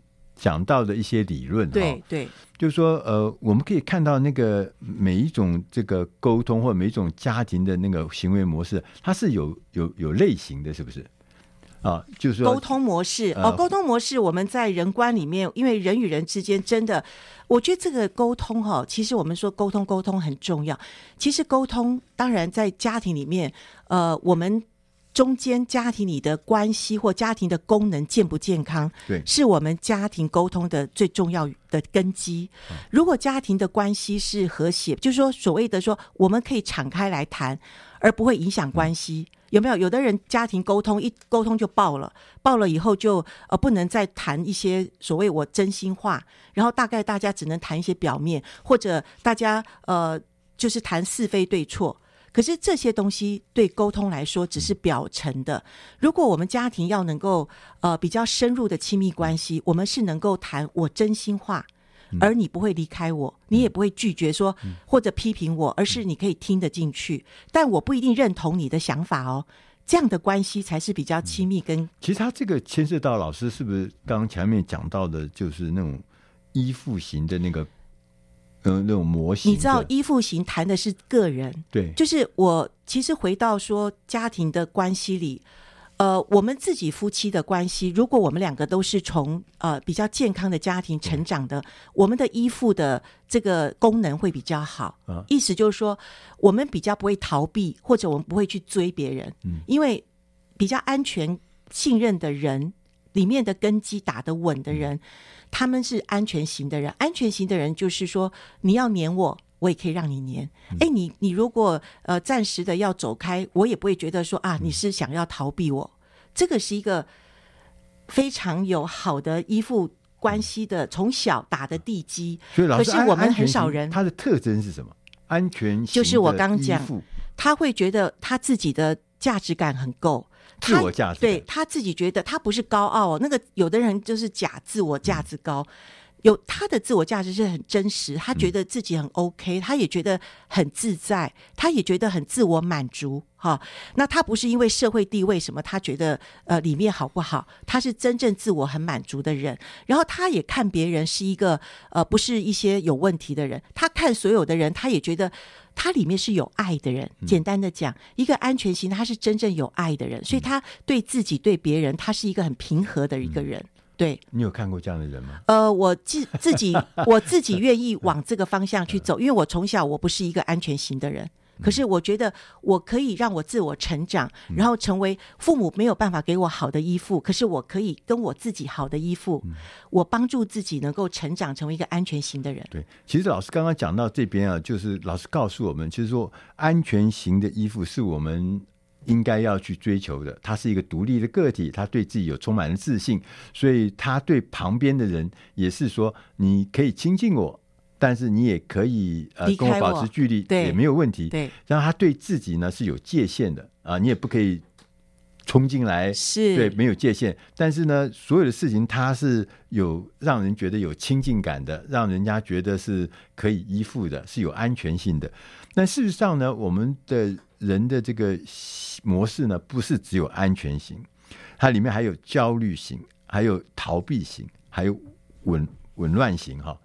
S1: 講到的一些理論，對對，對就是說，呃，我們可以看到那個每一種這個溝通，或者每一種家庭的那個行為模式，它是有有有類型的，是不是？啊，就是溝
S2: 通模式哦，溝通模式，呃、溝通模式我們在人觀裡面，嗯、因為人與人之間真的，我覺得這個溝通哈，其實我們說溝通溝通很重要，其實溝通當然在家庭裡面，呃，我們。中間家庭裡的關係或家庭的功能健不健康，對是我們家庭溝通的最重要的根基。嗯、如果家庭的關係是和諧，就是說所謂的說，我們可以敞開來談，而不會影響關係。嗯、有沒有？有的人家庭溝通一溝通就爆了，爆了以後就呃不能再談一些所謂我真心話，然後大概大家只能談一些表面，或者大家呃就是談是非對錯。可是這些東西對溝通來說只是表層的。如果我們家庭要能夠呃比較深入的親密關係，我們是能夠談我真心話，而你不會離開我，你也不會拒絕說或者批評我，而是你可以聽得進去，但我不一定認同你的想法哦。這樣的關係才是比較親
S1: 密跟、嗯。跟其實他這個牽涉到老師是不是剛前面講到的，就是那種依附型的那個。嗯，那種模型，你知道
S2: 依附型談的是個人，對，就是我。其實回到說家庭的關係裡，呃，我們自己夫妻的關係，如果我們兩個都是從呃比較健康的家庭成長的，嗯，我們的依附的這個功能會比較好。啊，意思就是說，我們比較不會逃避，或者我們不會去追別人，嗯，因為比較安全、信任的人。裡面的根基打得穩的人，嗯、他們是安全型的人。安全型的人就是說，你要黏我，我也可以讓你黏。哎、嗯，欸，你你如果呃暫時的要走開，我也不會覺得說啊你是想要逃避我。嗯、這個是一個非常有好的依附關係的從、嗯、小打的地基。嗯、所以老師，可是我們很少人。
S1: 他的特徵是什麼？安全型就是我剛剛講，
S2: 他、嗯、會覺得他自己的價值感很夠。自我價值，對，他自己覺得他不是高傲，哦，那個有的人就是假自我價值高，嗯，有他的自我價值是很真實，他覺得自己很 OK，嗯，他也覺得很自在，他也覺得很自我滿足哈，哦。那他不是因為社會地位什麼，他覺得呃裡面好不好，他是真正自我很滿足的人。然後他也看別人是一個呃不是一些有問題的人，他看所有的人，他也覺得。他裡面是有愛的人，簡單的講，一個安全型，他是真正有愛的人，嗯、所以他對自己、對別人，他是一個很平和的一個人。嗯、對。
S1: 你有看過這樣的人嗎？
S2: 呃，我自自己我自己願意往這個方向去走， 因為我從小我不是一個安全型的人。可是我覺得我可以讓我自我成長，嗯、然後成為父母沒有辦法給我好的依附。嗯、可是我可以跟我自己好的依附，嗯、我幫助自己能夠成長成為一個安全型的人。
S1: 對，其實老師剛剛講到這邊啊，就是老師告訴我們，其實說安全型的依附是我們應該要去追求的。他是一個獨立的個體，他對自己有充滿了自信，所以他對旁邊的人也是說：“你可以親近我。”但是你也可以呃我跟我保持距離，也沒有問題。對，讓他對自己呢是有界限的啊、呃，你也不可以衝進來，是對沒有界限。但是呢，所有的事情他是有讓人覺得有親近感的，讓人家覺得是可以依附的，是有安全性的。但事實上呢，我們的人的這個模式呢，不是只有安全型，它裡面還有焦慮型，還有逃避型，還有紊紊亂型哈。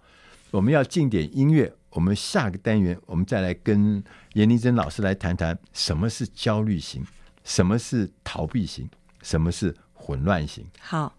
S1: 我們要進點音樂，我們下個單元我們再來跟延玲珍老師來談談什麼是焦慮型，什麼是逃避型，什麼是混亂型。好。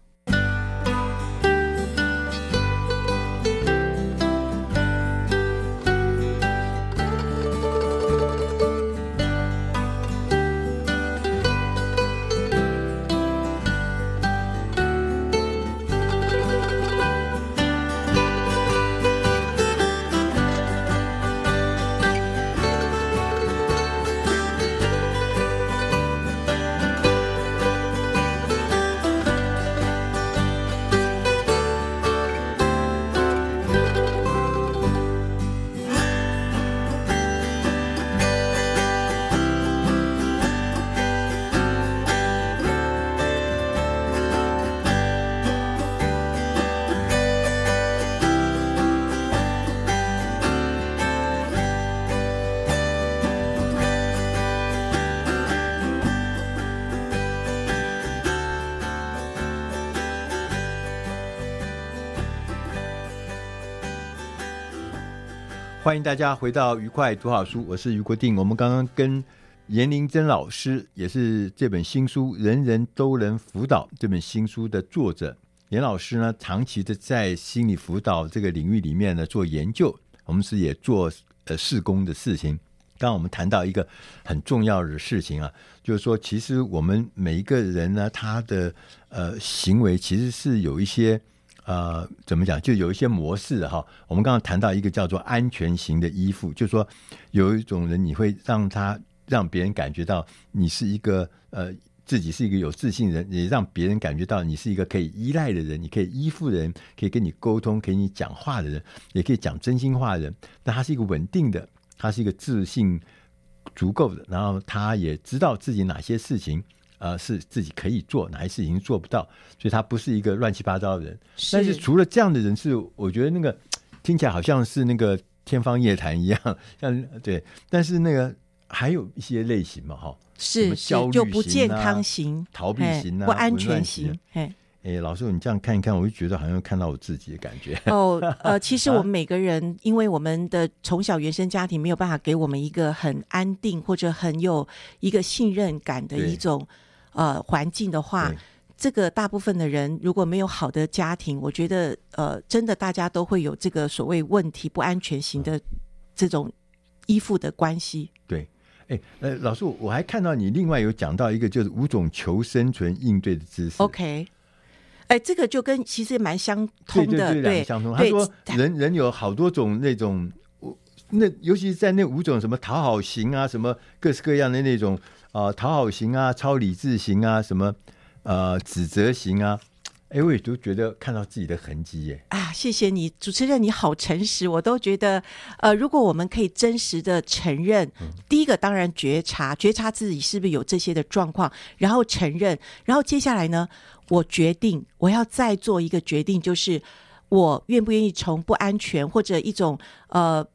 S1: 大家回到愉快讀好書，我是於國定。我們剛剛跟延玲珍老師，也是這本新書《人人都能輔導》這本新書的作者嚴老師呢，長期的在心理輔導這個領域裡面呢做研究。我們是也做呃事工的事情。剛剛我們談到一個很重要的事情啊，就是說，其實我們每一個人呢，他的呃行為其實是有一些。呃，怎麼講？就有一些模式哈。我們剛剛談到一個叫做安全型的依附，就是說有一種人，你會讓他讓別人感覺到你是一個呃自己是一個有自信的人，也讓別人感覺到你是一個可以依賴的人，你可以依附的人，可以跟你溝通，可以跟你講話的人，也可以講真心話的人。但他是一個穩定的，他是一個自信足夠的，然後他也知道自己哪些事情。呃，是自己可以做，哪些事情做不到，所以他不是一個亂七八糟的人。是。但是除了這樣的人，是我覺得那個聽起來好像是那個天方夜譚一樣。像對，但是那個還有一些類型嘛，哈、啊，是焦慮型、啊、逃避型、啊、不安全型。哎哎嘿、欸，老師，你這樣看一看，我就覺得好像看到我自己的感覺。哦
S2: 呃，其實我們每個人，啊、因為我們的從小原生家庭沒有辦法給我們一個很安定或者很有一個信任感的一種。呃，環境的話，對這個大部分的人如果沒有好的家庭，我覺得呃，真的大家都會有這個所謂問題不安全型的這種依附的關係。
S1: 對，哎、欸，呃，老師，我還看到你另外有講到一個，就是五種求生存應對的知識。OK，哎、
S2: 欸，這個就跟其
S1: 實蠻相通的，對，對，相通。對他說人，人對人有好多種那種，我對那尤其是在那五種什麼討好型啊，什麼各式各樣的那種。啊，討好型啊，超理智型啊，什麼呃，指責型啊，哎、欸，我也都覺得看到自己的痕跡耶。
S2: 啊，謝謝你，主持人你好誠實，我都覺得，呃，如果我們可以真實的承認，嗯、第一個當然覺察，覺察自己是不是有這些的狀況，然後承認，然後接下來呢，我決定我要再做一個決定，就是我願不願意從不安全或者一種呃。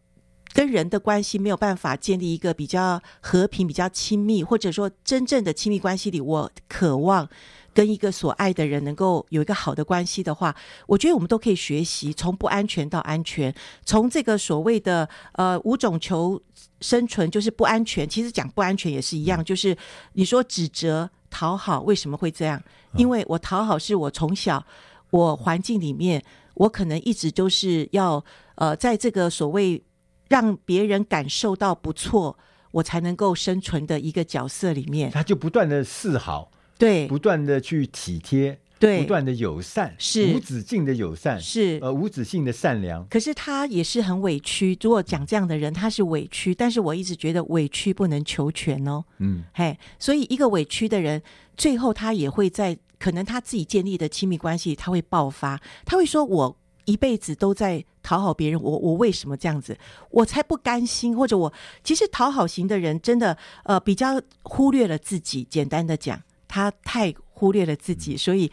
S2: 跟人的關係沒有辦法建立一個比較和平、比較親密，或者說真正的親密關係裡，我渴望跟一個所愛的人能夠有一個好的關係的話，我覺得我們都可以學習從不安全到安全，從這個所謂的呃五種求生存就是不安全。其實講不安全也是一樣，就是你說指責、討好為什麼會這樣？因為我討好是我從小我環境裡面，我可能一直就是要呃在這個所謂。讓別人感受到不錯，我
S1: 才能夠生存的一個角色裡面，他就不斷的示好，對，不斷的去體貼，對，不斷的友善，是無止境的友善，是呃無止境的善
S2: 良。可是他也是很委屈。如果講這樣的人，他是委屈，但是我一直覺得委屈不能求全哦。嗯嘿，所以一個委屈的人，最後他也會在可能他自己建立的親密關係，他會爆發，他會說我一輩子都在。討好別人，我我為什麼這樣子？我才不甘心，或者我其實討好型的人真的呃比較忽略了自己。簡單的講，他太忽略了自己，所以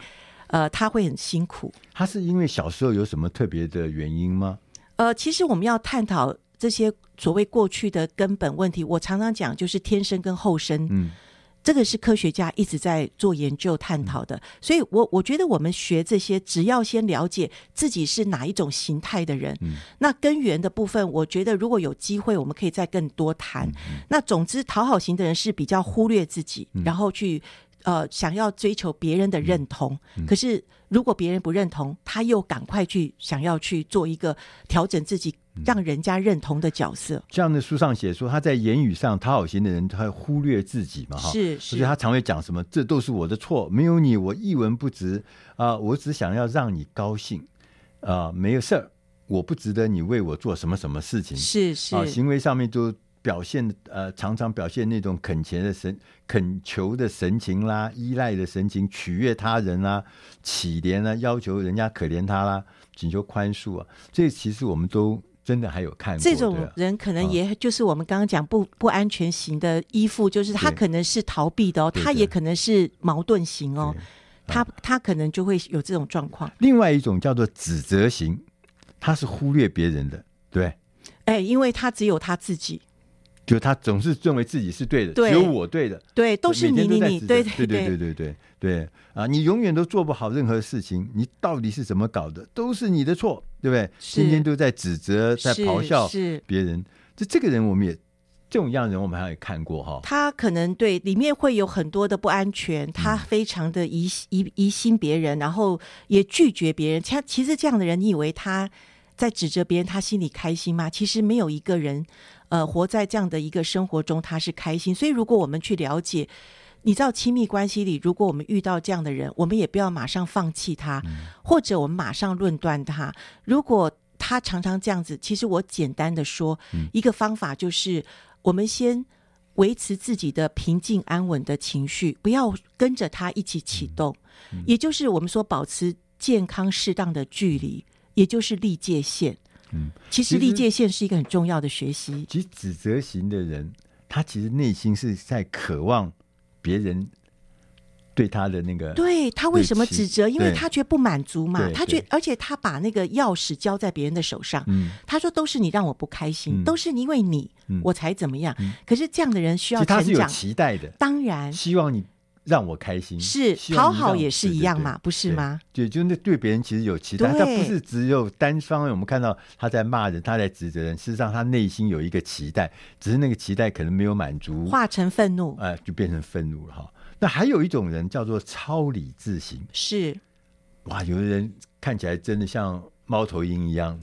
S2: 呃他會很辛苦。
S1: 他是因為小時候有什麼特別的原因
S2: 嗎？呃，其實我們要探討這些所謂過去的根本問題，我常常講就是天生跟後生。嗯。這個是科學家一直在做研究、探討的，嗯、所以我，我我覺得我們學這些，只要先了解自己是哪一種形態的人，嗯、那根源的部分，我覺得如果有機會，我們可以再更多談。嗯嗯、那總之，討好型的人是比較忽略自己，嗯、然後去呃想要追求別人的認同。嗯嗯、可是，如果別人不認同，他又趕快去想要去做一個
S1: 調整自己。讓人家認同的角色。嗯，這樣的書上寫說，他在言語上討好型的人，他會忽略自己嘛，哈，是，所以他常會講什麼，這都是我的錯，沒有你，我一文不值啊，呃，我只想要讓你高興啊，呃，沒有事兒，我不值得你為我做什麼什麼事情，是是啊，行為上面就表現呃，常常表現那種懇切的神，懇求的神情啦，依賴的神情，取悅他人啦，乞憐啊，要求人家可憐他啦，請求寬恕啊，這其實我們都。真的還有看這種
S2: 人，可能也就是我們剛剛講不、哦、不安全型的依附，就是他可能是逃避的哦，對他也可能是矛盾型哦，啊、他他可能就會有這種狀況。
S1: 另外一種叫做指責型，他是忽略別人的，對，
S2: 哎，因為他只有他自己。
S1: 就他總是認為自己是對的，對，只有我對的，對，都是你你對對對對對對對啊！你永遠都做不好任何事情，你到底是怎麼搞的？都是你的錯，對不對？天是天都在指責、在咆哮別人。就這個人，我們也這種樣的人，我們好像也看過哈。
S2: 他可能對裡面會有很多的不安全，他非常的疑疑疑心別人，嗯、然後也拒絕別人。他其實這樣的人，你以為他？在指責別人，他心裡開心嗎？其實沒有一個人，呃，活在這樣的一個生活中，他是開心。所以，如果我們去了解，你知道，親密關係裡，如果我們遇到這樣的人，我們也不要馬上放棄他，嗯、或者我們馬上論斷他。如果他常常這樣子，其實我簡單的說，嗯、一個方法就是，我們先維持自己的平靜安穩的情緒，不要跟着他一起啟動。嗯、也就是我們說，保持健康適當的距離。也就是立界線，嗯，
S1: 其實立界
S2: 線是一個很重要的學習。其實
S1: 指責型的人，他其實內心是在渴望別人對他的那個，對他為什麼指責？因為他覺
S2: 得不滿足嘛，他覺而且他把那個鑰匙交在別人的手上，嗯，他說都是你讓我不開心，都是因為你我才怎麼樣。可是這樣的人需要成長，他是有期待的，當然
S1: 希望你。讓我開心是討好也
S2: 是一樣嘛，對對對不是嗎？
S1: 對,對，就那對別人其實有期待，對但不是只有單方。我們看到他在罵人，他在指責人，事實上他內心有一個期待，只是那個期待可能沒有滿足，化成憤怒，哎、呃，就變成憤怒了哈。那還有一種人叫做超理智型，是哇，有的人看起來真的像貓頭鷹一樣。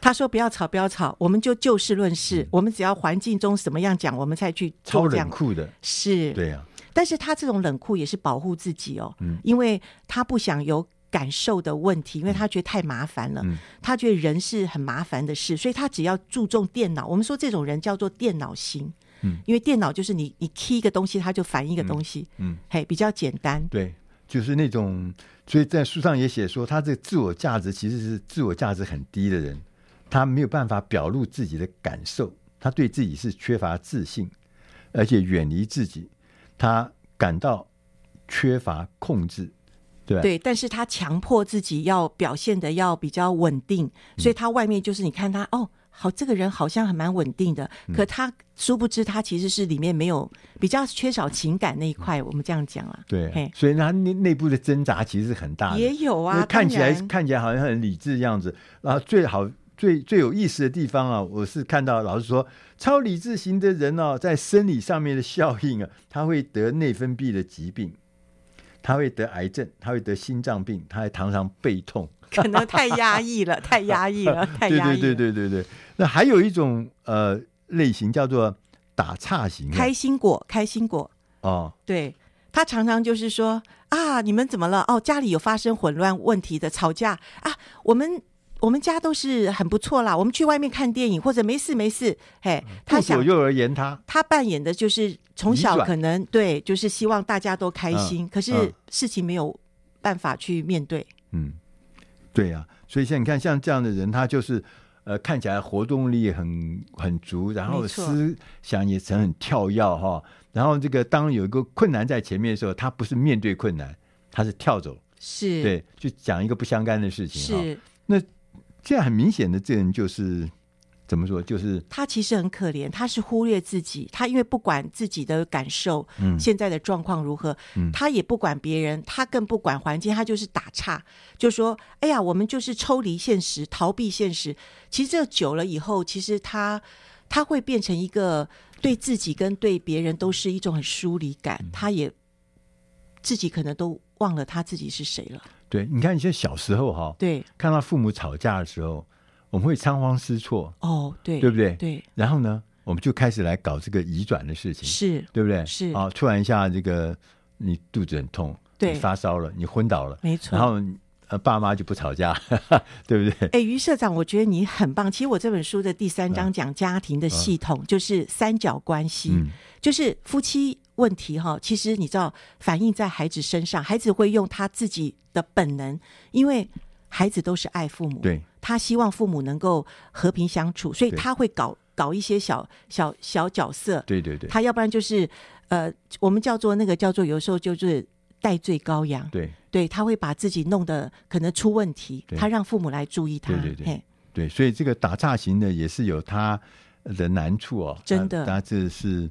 S2: 他說：“不要吵，不要吵，我們就就事論事，嗯、我們只要環境中什麼樣講，我們才去做這樣，超冷酷的，是對呀、啊。但是他這種冷酷也是保護自己哦，嗯、因為他不想有感受的問題，嗯、因為他覺得太麻煩了，嗯嗯、他覺得人是很麻煩的事，所以他只要注重電腦。我們說這種人叫做電腦型，嗯，因為電腦就是你你 key 一個東西，他就反一個東西，嗯，嗯嘿，比較簡單。
S1: 對，就是那種，所以在書上也寫說，他這個自我價值其實是自我價值很低的人，他沒有辦法表露自己的感受，他對自己是缺乏自信，而且遠離自己。他感到缺乏控制，對吧？對，
S2: 但是他強迫自己要表現得要比較穩定，所以他外面就是你看他、嗯、哦，好，這個人好像還蠻穩定的，可他殊不知他其實是裡面沒有比較缺少情感那一塊，嗯、我們這樣講啊，對，嘿
S1: 所以他內內部的掙扎其實是很大的，也
S2: 有啊，看起來然
S1: 看起來好像很理智的樣子然後、啊、最好。最最有意思的地方啊，我是看到老師說，超理智型的人哦、啊，在生理上面的效應啊，他會得內分泌的疾病，他會得癌症，他會得心臟病，他還常常背痛。可能太壓抑
S2: 了， 太壓抑了，太壓抑了，太壓抑了、啊。對對
S1: 對對對對。那還有一種呃類型叫做打岔型，開
S2: 心果，開心
S1: 果。哦，
S2: 對，他常常就是說啊，你們怎麼了？哦，家裡有發生混亂問題的，吵架啊，我們。我們家都是很不錯啦。我們去外面看電影，或者沒事沒事，嘿，他想左右
S1: 而言他，他
S2: 他扮演的就是從小可能轉對，就是希望大家都開心，嗯、可是事情沒有辦法去面對。
S1: 嗯，對呀、啊，所以像你看像這樣的人，他就是呃看起來活動力很很足，然後思想也很很跳躍哈。錯嗯、然後這個當有一個困難在前面的時候，他不是面對困難，他是跳走，是對，就講一個不相干的事情哈是、哦。那這樣很明顯的，這人就是怎麼說？就是
S2: 他其實很可憐，他是忽略自己，他因為不管自己的感受，嗯，現在的狀況如何，嗯，他也不管別人，他更不管環境，他就是打岔，就說：“哎呀，我們就是抽離現實，逃避現實。”其實這久了以後，其實他他會變成一個對自己跟對別人都是一種很疏離感，嗯，他也自己可能都忘了他
S1: 自己是誰了。對，你看一些小時候哈，看到父母吵架的時候，我們會倉皇失措哦，
S2: 對，對不對？對，
S1: 然後呢，我們就開始來搞這個移轉的事情，是，對不對？是啊，突然一下，這個你肚子很痛，對，發燒了，你昏倒了，沒錯，然後呃，爸媽就不吵架，對不對？
S2: 哎，於社長，我覺得你很棒。其實我這本書的第三章講家庭的系統，就是三角關係，就是夫妻。問題哈、哦，其實你知道，反映在孩子身上，孩子會用他自己的本能，因為孩子都是愛父母，對，他希望父母能夠和平相處，對所以他會搞搞一些小小小角色，對對對，他要不然就是呃，我們叫做那個叫做有時候就是代罪羔羊，對，對他會把自己弄得可能出問題，對他讓父母來注意他，對對對，
S1: 嘿對，所以這個打岔型的也是有他的難處哦，真的，大致是。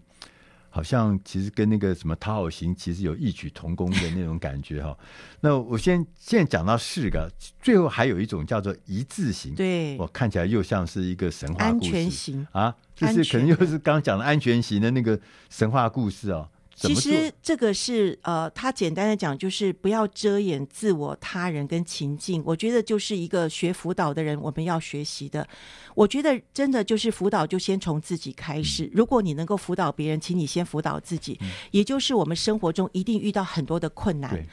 S1: 好像其實跟那個什麼討好型其實有異曲同工的那種感覺哈、哦。 那我先現在講到四個，最後還有一種叫做一致型，對，我看起來又像是一個神話故事，安全型，啊，就是可能又是剛，剛講的安全型的那個神話故事哦。其實
S2: 這個是呃，他簡單的講就是不要遮掩自我、他人跟情境。我覺得就是一個學輔導的人，我們要學習的。我覺得真的就是輔導，就先從自己開始。嗯。如果你能夠輔導別人，請你先輔導自己。嗯。也就是我們生活中一定遇到很多的困難，對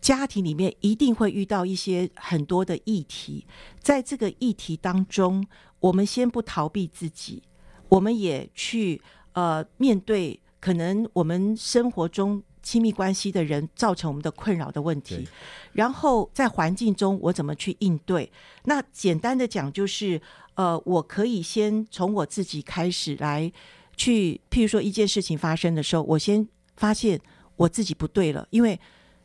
S2: 家庭裡面一定會遇到一些很多的議題。在這個議題當中，我們先不逃避自己，我們也去呃面對。可能我們生活中親密關係的人造成我們的困擾的問題，對然後在環境中我怎麼去應對？那簡單的講就是，呃，我可以先從我自己開始來去，譬如說一件事情發生的時候，我先發現我自己不對了，因為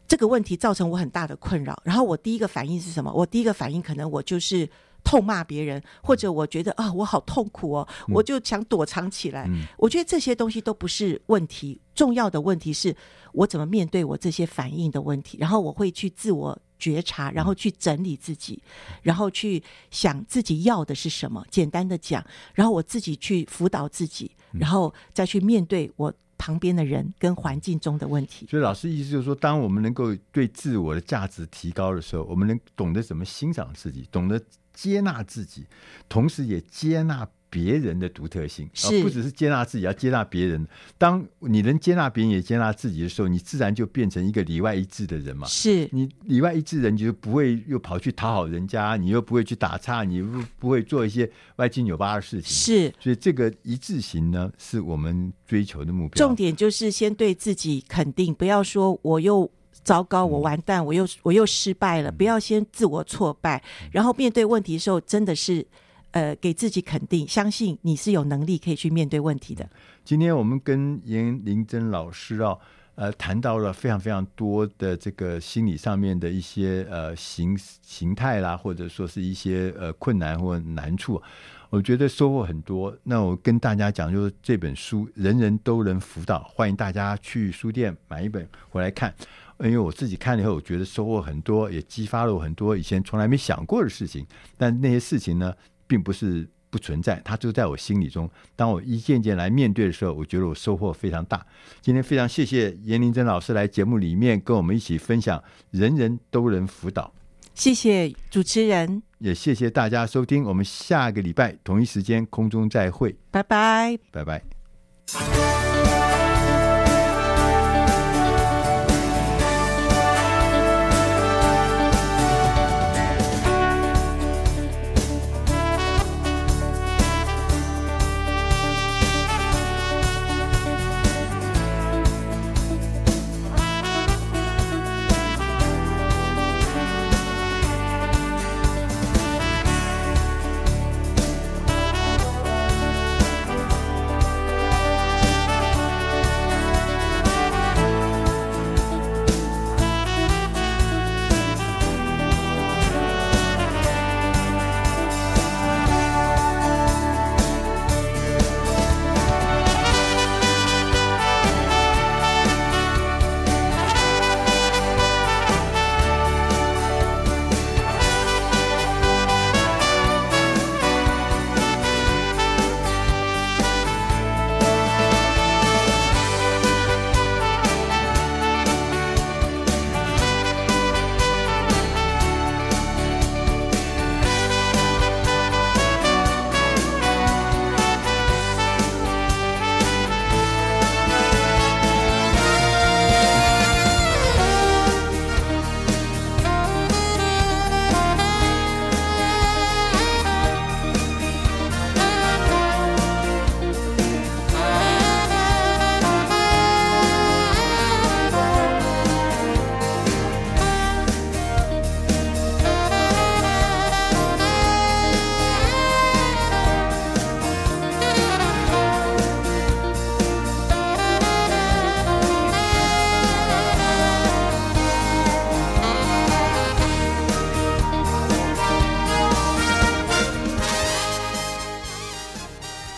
S2: 這個問題造成我很大的困擾。然後我第一個反應是什麼？我第一個反應可能我就是。痛罵別人，或者我覺得啊，我好痛苦哦，嗯、我就想躲藏起來。嗯、我覺得這些東西都不是問題，重要的問題是，我怎麼面對我這些反應的問題。然後我會去自我覺察，然後去整理自己，嗯、然後去想自己要的是什麼。簡單的講，然後我自己去輔導自己，然後再去面對我旁邊的人跟環境
S1: 中的問題。嗯、所以老師意思就是說，當我們能夠對自我的價值提高的時候，我們能懂得怎麼欣賞自己，懂得。接納自己，同時也接納別人的獨特性是、啊，不只是接納自己，要接納別人。當你能接納別人，也接納自己的時候，你自然就變成一個裡外一致的人嘛。是你裡外一致的人，你就不會又跑去討好人家，你又不會去打岔，你又不會做一些歪七扭八的事情。是，所以這個一致性呢，是我們追求的目標。
S2: 重點就是先對自己肯定，不要說我又。糟糕！我完蛋！我又我又失敗了！不要先自我挫敗，嗯、然後面對問題的時候，真的是
S1: 呃，給自己肯定，相信你是有能力可以去面對問題的。今天我們跟延玲珍老師啊，呃，談到了非常非常多的這個心理上面的一些呃形形態啦，或者說是一些呃困難或難處，我覺得收穫很多。那我跟大家講，就是這本書人人都能輔導，歡迎大家去書店買一本回來看。因為我自己看了以後，我覺得收穫很多，也激發了我很多以前從來沒想過的事情。但那些事情呢，並不是不存在，它就在我心裡中。當我一件件來面對的時候，我覺得我收穫非常大。今天非常謝謝延玲珍老師來節目裡面跟我們一起分享“人人都能輔導”。謝謝主持人，也謝謝大家收聽。我們下個禮拜同一時間空中再會，拜拜，拜拜。